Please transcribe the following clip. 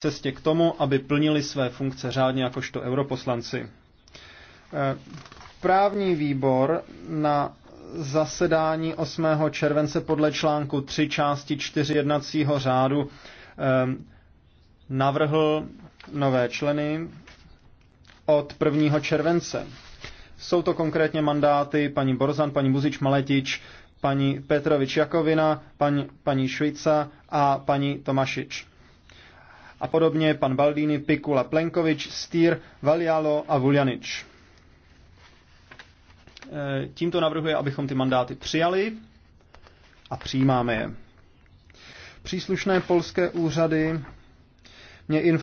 cestě k tomu, aby plnili své funkce řádně jakožto europoslanci. E, právní výbor na zasedání 8. července podle článku 3 části 4 jednacího řádu e, navrhl nové členy od 1. července. Jsou to konkrétně mandáty paní Borzan, paní Buzič Maletič, paní Petrovič Jakovina, paní, paní Švica a paní Tomašič a podobně pan Baldini, Pikula, Plenkovič, Stýr, Valialo a Vuljanič. E, tímto navrhuje, abychom ty mandáty přijali a přijímáme je. Příslušné polské úřady mě informují,